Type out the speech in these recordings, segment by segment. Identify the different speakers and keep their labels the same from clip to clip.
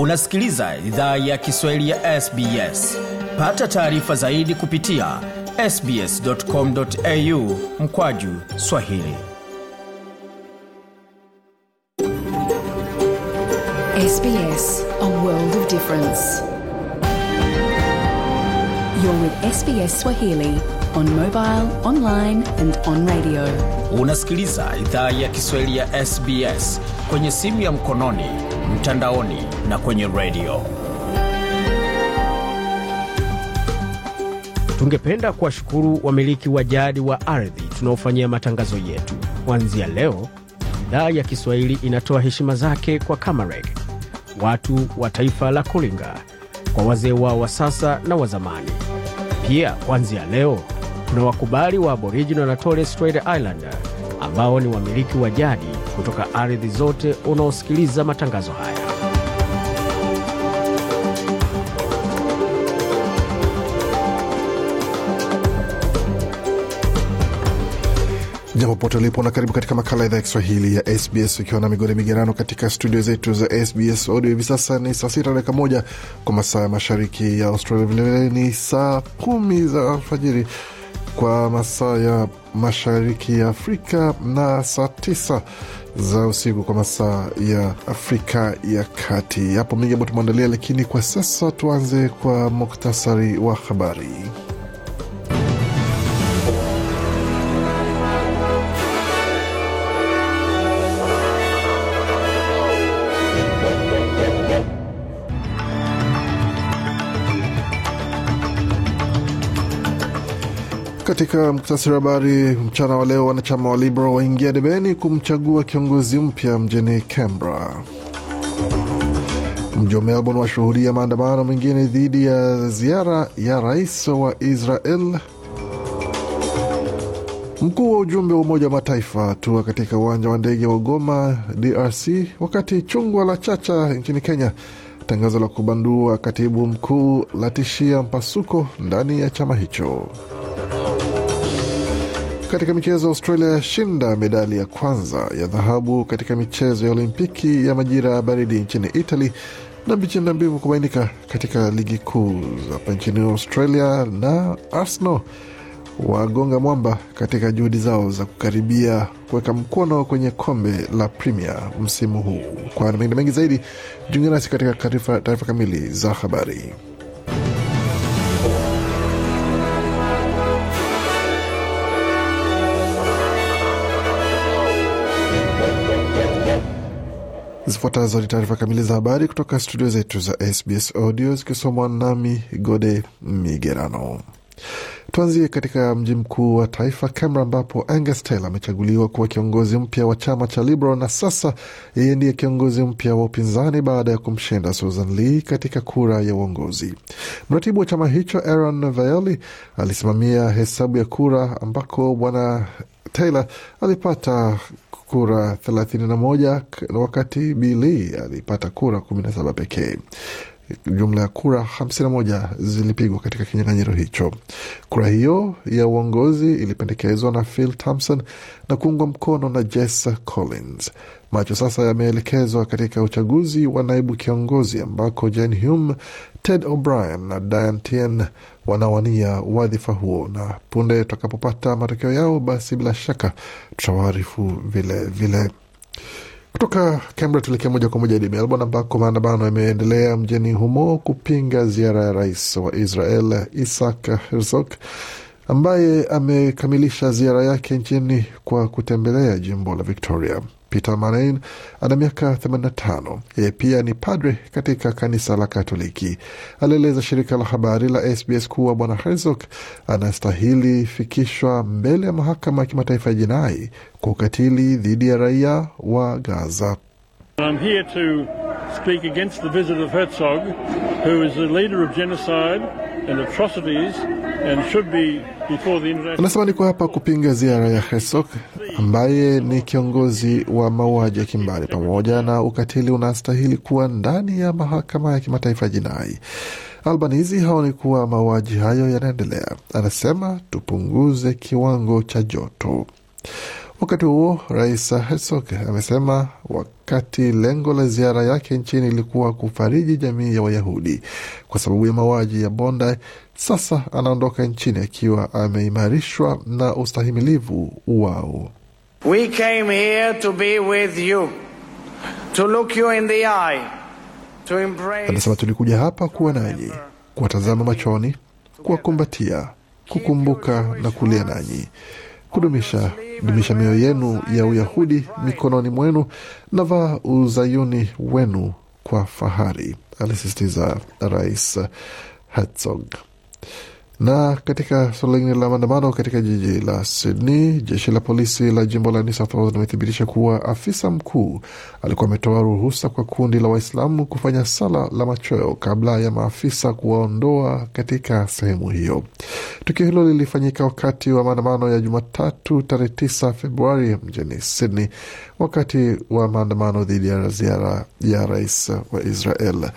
Speaker 1: unasikiliza idhaa ya kiswahili ya sbs pata taarifa zaidi kupitia sbscomau mkwaju swahili SBS, a world of difference. You're with SBS Swahili on mobile, online and on radio. Unasikiliza idhaa ya Kiswahili ya SBS kwenye simu ya mkononi mtandaoni na kwenye redio. Tungependa kuwashukuru wamiliki wa jadi wa ardhi tunaofanyia matangazo yetu. Kuanzia leo, idhaa ya Kiswahili inatoa heshima zake kwa Kamareg, watu wa taifa la Kulinga, kwa wazee wao wa sasa na wa zamani. Pia kuanzia leo tuna wakubali wa Aboriginal na Torres Strait island ambao ni wamiliki wa jadi kutoka ardhi zote unaosikiliza matangazo haya.
Speaker 2: Jambo pote ulipo na karibu katika makala idhaa ya Kiswahili ya SBS ukiwa na migore migerano katika studio zetu za SBS Audio. Hivi sasa ni saa sita dakika moja kwa masaa ya mashariki ya Australia, vilevile ni saa kumi za alfajiri kwa masaa ya mashariki ya Afrika na saa tisa za usiku kwa masaa ya Afrika ya Kati. Yapo mengi ambayo tumeandalia, lakini kwa sasa tuanze kwa muktasari wa habari. Katika muktasari wa habari mchana wa leo, wanachama wa Liberal waingia debeni kumchagua kiongozi mpya mjini Canberra. Mji wa Melbourne washuhudia maandamano mengine dhidi ya ziara ya rais wa Israel. Mkuu wa ujumbe wa Umoja wa Mataifa tua katika uwanja wa ndege wa Goma, DRC. Wakati chungwa la chacha nchini Kenya, tangazo la kubandua katibu mkuu latishia mpasuko ndani ya chama hicho. Katika michezo Australia yashinda medali ya kwanza ya dhahabu katika michezo ya Olimpiki ya majira ya baridi nchini Italy na mbichi na mbivu kubainika katika ligi kuu hapa nchini Australia. Na Arsenal wagonga mwamba katika juhudi zao za kukaribia kuweka mkono kwenye kombe la Premier msimu huu. Kwa mengine mengi zaidi, jiunge nasi katika taarifa kamili za habari. Zifuatazo ni taarifa kamili za habari kutoka studio zetu za SBS Audio zikisomwa nami Gode Migerano. Tuanzie katika mji mkuu wa taifa Canberra, ambapo Angus Taylor amechaguliwa kuwa kiongozi mpya wa chama cha Liberal na sasa yeye ndiye kiongozi mpya wa upinzani baada ya kumshinda Susan Lee katika kura ya uongozi. Mratibu wa chama hicho Aaron Vaeli alisimamia hesabu ya kura ambako bwana Taylor alipata kura 31 wakati Bili alipata kura 17 pekee. Jumla ya kura 51 zilipigwa katika kinyang'anyiro hicho. Kura hiyo ya uongozi ilipendekezwa na Phil Thompson na kuungwa mkono na Jess Collins. Macho sasa yameelekezwa katika uchaguzi wa naibu kiongozi ambako Jane Hume, Ted O'Brien na Diane Tien wanawania wadhifa huo, na punde tutakapopata matokeo yao, basi bila shaka tutawaarifu vilevile. Kutoka Canberra tuelekea moja kwa moja hadi Melbourne ambako maandamano yameendelea mjini humo kupinga ziara ya rais wa Israel Isaac Herzog ambaye amekamilisha ziara yake nchini kwa kutembelea jimbo la Victoria. Peter Marain ana miaka 85. Yeye pia ni padre katika kanisa la Katoliki. Alieleza shirika la habari la SBS kuwa Bwana Herzog anastahili fikishwa mbele ya mahakama ya kimataifa ya jinai kwa ukatili dhidi ya raia wa Gaza. I'm here to speak against the visit of Herzog, who is the leader of genocide and atrocities and should be before the international... Anasema niko hapa kupinga ziara ya Herzog ambaye ni kiongozi wa mauaji ya kimbari pamoja na ukatili unastahili kuwa ndani ya mahakama ya kimataifa jinai. Albanizi haoni kuwa mauaji hayo yanaendelea. Anasema tupunguze kiwango cha joto. Wakati huo Rais hesok amesema wakati lengo la ziara yake nchini ilikuwa kufariji jamii ya Wayahudi kwa sababu ya mauaji ya Bondi, sasa anaondoka nchini akiwa ameimarishwa na ustahimilivu wao.
Speaker 1: We came here to be with you, to look you in the eye, to embrace.
Speaker 2: Anasema tulikuja hapa kuwa nanyi, kuwatazama machoni, kuwakumbatia, kukumbuka na kulia nanyi, kudumisha dumisha mioyo yenu ya Uyahudi mikononi mwenu na vaa uzayuni wenu kwa fahari, alisisitiza Rais Herzog. Na katika suala lingine la maandamano katika jiji la Sydney, jeshi la polisi la jimbo la New South Wales limethibitisha kuwa afisa mkuu alikuwa ametoa ruhusa kwa kundi la Waislamu kufanya sala la machweo kabla ya maafisa kuwaondoa katika sehemu hiyo. Tukio hilo lilifanyika wakati wa maandamano ya Jumatatu tarehe tisa Februari mjini Sydney, wakati wa maandamano dhidi ya ziara ya rais wa Israel.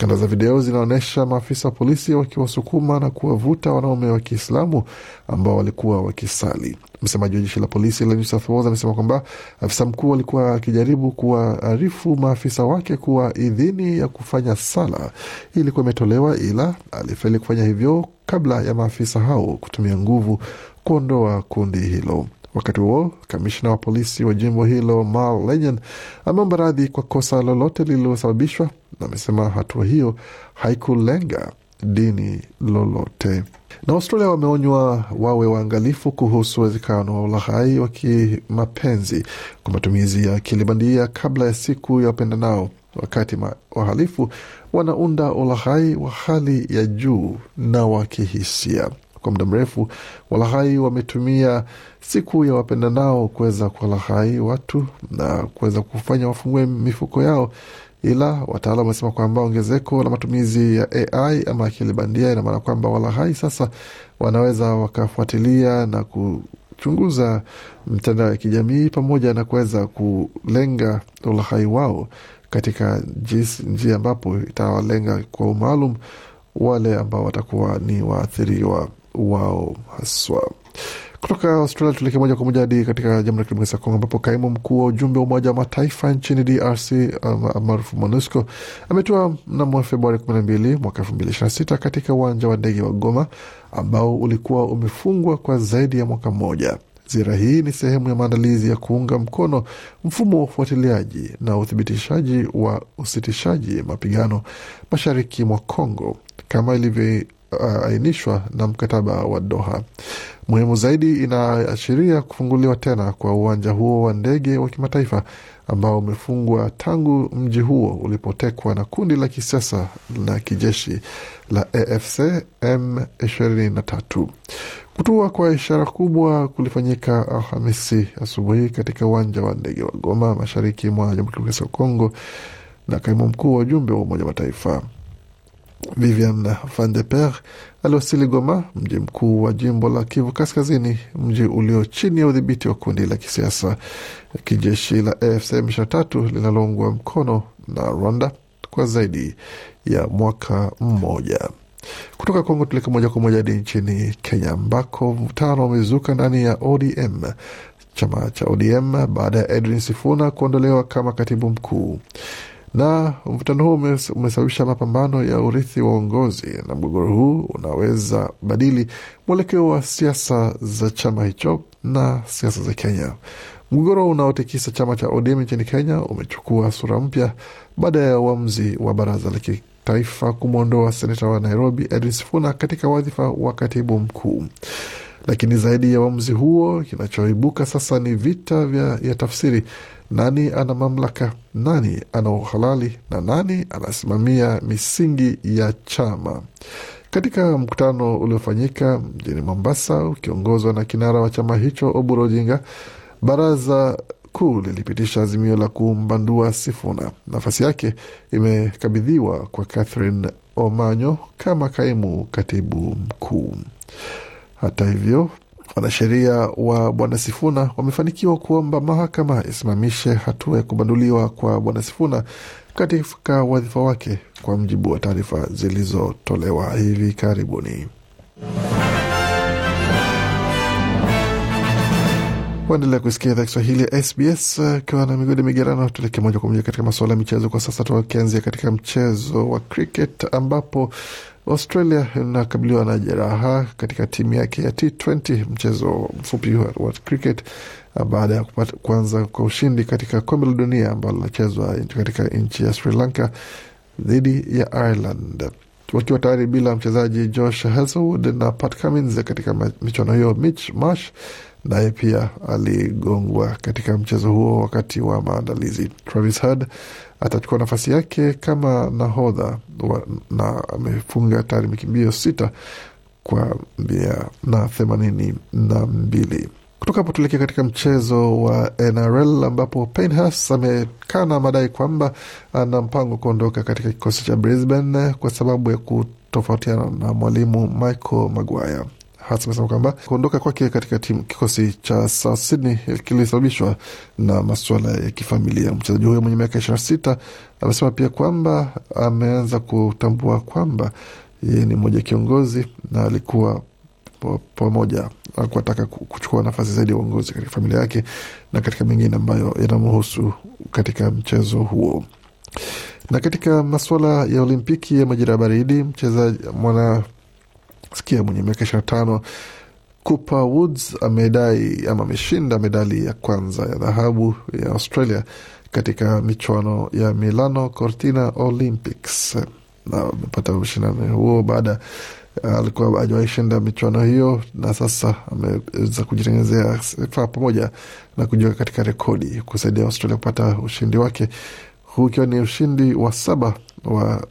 Speaker 2: Kanda za video zinaonyesha maafisa wa polisi wakiwasukuma na kuwavuta wanaume wa Kiislamu ambao walikuwa wakisali. Msemaji wa jeshi la polisi la New South Wales amesema kwamba afisa mkuu alikuwa akijaribu kuwaarifu maafisa wake kuwa idhini ya kufanya sala ilikuwa imetolewa, ila alifeli kufanya hivyo kabla ya maafisa hao kutumia nguvu kuondoa kundi hilo. Wakati huo kamishna wa polisi wa jimbo hilo Mal ameomba radhi kwa kosa lolote lililosababishwa na amesema hatua hiyo haikulenga dini lolote. Na Australia wameonywa wawe waangalifu kuhusu uwezekano wa ulaghai wa kimapenzi kwa matumizi ya akili bandia kabla ya siku ya wapendanao, wakati wahalifu wanaunda ulaghai wa hali ya juu na wa kihisia. Kwa muda mrefu walaghai wametumia siku ya wapendanao kuweza kuwalaghai watu na kuweza kufanya wafungue mifuko yao ila wataalam wanasema kwamba ongezeko la matumizi ya AI ama akili bandia ina maana kwamba wala hai sasa wanaweza wakafuatilia na kuchunguza mtandao ya kijamii pamoja na kuweza kulenga ulahai wao katika njia ambapo itawalenga kwa umaalum wale ambao watakuwa ni waathiriwa wao haswa. Kutoka Australia tuleke moja kwa moja hadi katika Jamhuri ya Kidemokrasia ya Kongo, ambapo kaimu mkuu wa ujumbe wa Umoja wa Mataifa nchini DRC um, maarufu MONUSCO ametua mnamo Februari 12 mwaka 2026 katika uwanja wa ndege wa Goma ambao ulikuwa umefungwa kwa zaidi ya mwaka mmoja. Ziara hii ni sehemu ya maandalizi ya kuunga mkono mfumo wa ufuatiliaji na uthibitishaji wa usitishaji mapigano mashariki mwa Kongo kama ilivyo ainishwa uh, na mkataba wa Doha. Muhimu zaidi, inaashiria kufunguliwa tena kwa uwanja huo wa ndege wa kimataifa ambao umefungwa tangu mji huo ulipotekwa na kundi la kisiasa la kijeshi la AFC M23. Kutua kwa ishara kubwa kulifanyika Alhamisi asubuhi katika uwanja wa ndege wa Goma, mashariki mwa Jamhuri ya Kidemokrasia ya Kongo, na kaimu mkuu wa ujumbe wa Umoja wa Mataifa Vivian van de Per aliwasili Goma, mji mkuu wa jimbo la Kivu Kaskazini, mji ulio chini ya udhibiti wa kundi la kisiasa kijeshi la AFC M23 linaloungwa mkono na Rwanda kwa zaidi ya mwaka mmoja. Kutoka Kongo tulika moja kwa moja hadi nchini Kenya, ambako mvutano umezuka ndani ya ODM chama cha ODM baada ya Edwin Sifuna kuondolewa kama katibu mkuu na mvutano huo umesababisha mapambano ya urithi wa uongozi, na mgogoro huu unaweza badili mwelekeo wa siasa za chama hicho na siasa za Kenya. Mgogoro unaotikisa chama cha ODM nchini Kenya umechukua sura mpya baada ya uamuzi wa baraza la kitaifa kumwondoa seneta wa Nairobi Edwin Sifuna katika wadhifa wa katibu mkuu. Lakini zaidi ya uamuzi huo, kinachoibuka sasa ni vita vya ya tafsiri: nani ana mamlaka, nani ana uhalali na nani anasimamia misingi ya chama. Katika mkutano uliofanyika mjini Mombasa ukiongozwa na kinara wa chama hicho Oburu Odinga, baraza kuu lilipitisha azimio la kumbandua Sifuna. Nafasi yake imekabidhiwa kwa Catherine Omanyo kama kaimu katibu mkuu. Hata hivyo, wanasheria wa Bwana Sifuna wamefanikiwa kuomba mahakama isimamishe hatua ya kubanduliwa kwa Bwana Sifuna katika wadhifa wake, kwa mjibu wa taarifa zilizotolewa hivi karibuni. Waendelea kusikia idhaa Kiswahili ya SBS akiwa eh, na migodi migerano. Tuelekee moja kwa moja katika masuala ya michezo kwa sasa, tukianzia katika mchezo wa cricket ambapo Australia inakabiliwa na jeraha katika timu yake ya T20, mchezo mfupi wa cricket uh, baada ya kuanza kwa ushindi katika kombe la dunia ambalo linachezwa katika nchi ya Sri Lanka dhidi ya Ireland wakiwa tayari bila mchezaji Josh Hazelwood na Pat Cummins katika michuano hiyo. Mitch Marsh naye pia aligongwa katika mchezo huo wakati wa maandalizi. Travis Head atachukua nafasi yake kama nahodha na amefunga tayari mikimbio sita kwa mia na themanini na mbili. Kutoka hapo tuelekea katika mchezo wa NRL ambapo Penhas amekana madai kwamba ana mpango kuondoka katika kikosi cha Brisbane kwa sababu ya kutofautiana na mwalimu Michael Maguire. Hats amesema kwamba kuondoka kwake katika timu kikosi cha South Sydney kilisababishwa na masuala ya kifamilia. Mchezaji huyo mwenye miaka ishirini na sita amesema pia kwamba ameanza kutambua kwamba yeye ni mmoja kiongozi na alikuwa pamoja kuwataka kuchukua nafasi zaidi ya uongozi katika familia yake na katika mengine ambayo yanamhusu katika mchezo huo. Na katika masuala ya Olimpiki ya majira ya baridi, mchezaji mwana sikia mwenye miaka ishirini na tano Cooper Woods amedai ama ameshinda medali ya kwanza ya dhahabu ya Australia katika michuano ya Milano Cortina Olympics na amepata ushindani huo baada uh, alikuwa ajawaishinda shinda michuano hiyo na sasa ameweza kujitengenezea sifa eh, pamoja na kujiweka katika rekodi kusaidia Australia kupata ushindi wake huu ukiwa ni ushindi wa saba wa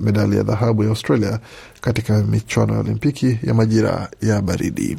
Speaker 2: medali ya dhahabu ya Australia katika michuano ya Olimpiki ya majira ya baridi.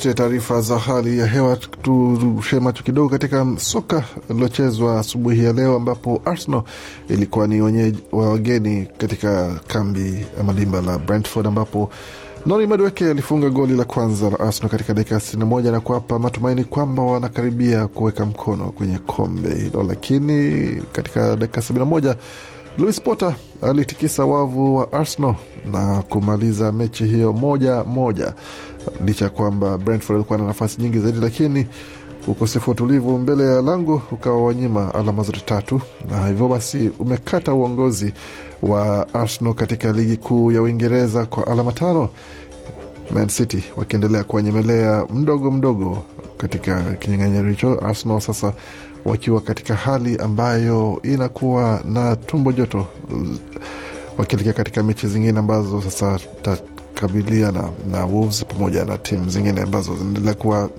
Speaker 2: tupate taarifa za hali ya hewa, tushee macho kidogo katika soka lililochezwa asubuhi ya leo, ambapo Arsenal ilikuwa ni wenyeji wa wageni katika kambi ama dimba la Brentford, ambapo Noni Madueke alifunga goli la kwanza la Arsenal katika dakika 61 na kuwapa matumaini kwamba wanakaribia kuweka mkono kwenye kombe hilo, lakini katika dakika 71 Louis Potter alitikisa wavu wa Arsenal na kumaliza mechi hiyo moja moja licha ya kwamba Brentford alikuwa na nafasi nyingi zaidi, lakini ukosefu wa utulivu mbele ya lango ukawa wanyima alama zote tatu, na hivyo basi umekata uongozi wa Arsenal katika ligi kuu ya Uingereza kwa alama tano, Man City wakiendelea kuwanyemelea mdogo mdogo katika kinyang'anyiro hicho. Arsenal sasa wakiwa katika hali ambayo inakuwa na tumbo joto wakielekea katika mechi zingine ambazo sasa kukabilia na, na Wolves pamoja na timu zingine ambazo zinaendelea kuwa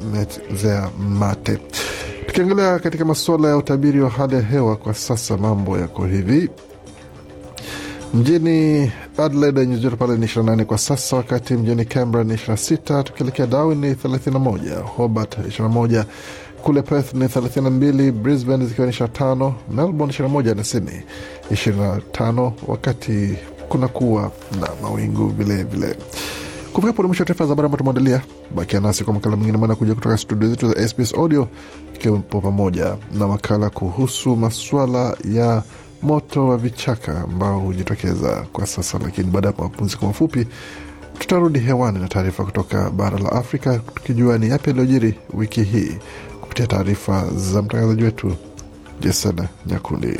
Speaker 2: mezea mate. Tukiangalia katika masuala ya utabiri wa hali ya hewa kwa sasa, mambo yako hivi mjini Adelaide nyuzi joto pale ni 28 kwa sasa, wakati mjini Canberra ni 26, tukielekea Darwin ni 31, Hobart 21, kule Perth ni 32, Brisbane zikiwa ni 25, Melbourne 21 na Sydney 25, wakati kunakuwa na mawingu vilevile. Kufika pole mwisho wa taarifa za habari ambayo tumeandalia. Bakia nasi kwa makala mengine maana kuja kutoka studio zetu za SBS Audio, ikiwepo pamoja na makala kuhusu maswala ya moto wa vichaka ambao hujitokeza kwa sasa, lakini baada ya mapumziko mafupi tutarudi hewani na taarifa kutoka bara la Afrika tukijua ni yapi yaliyojiri wiki hii kupitia taarifa za mtangazaji wetu Jason Nyakundi.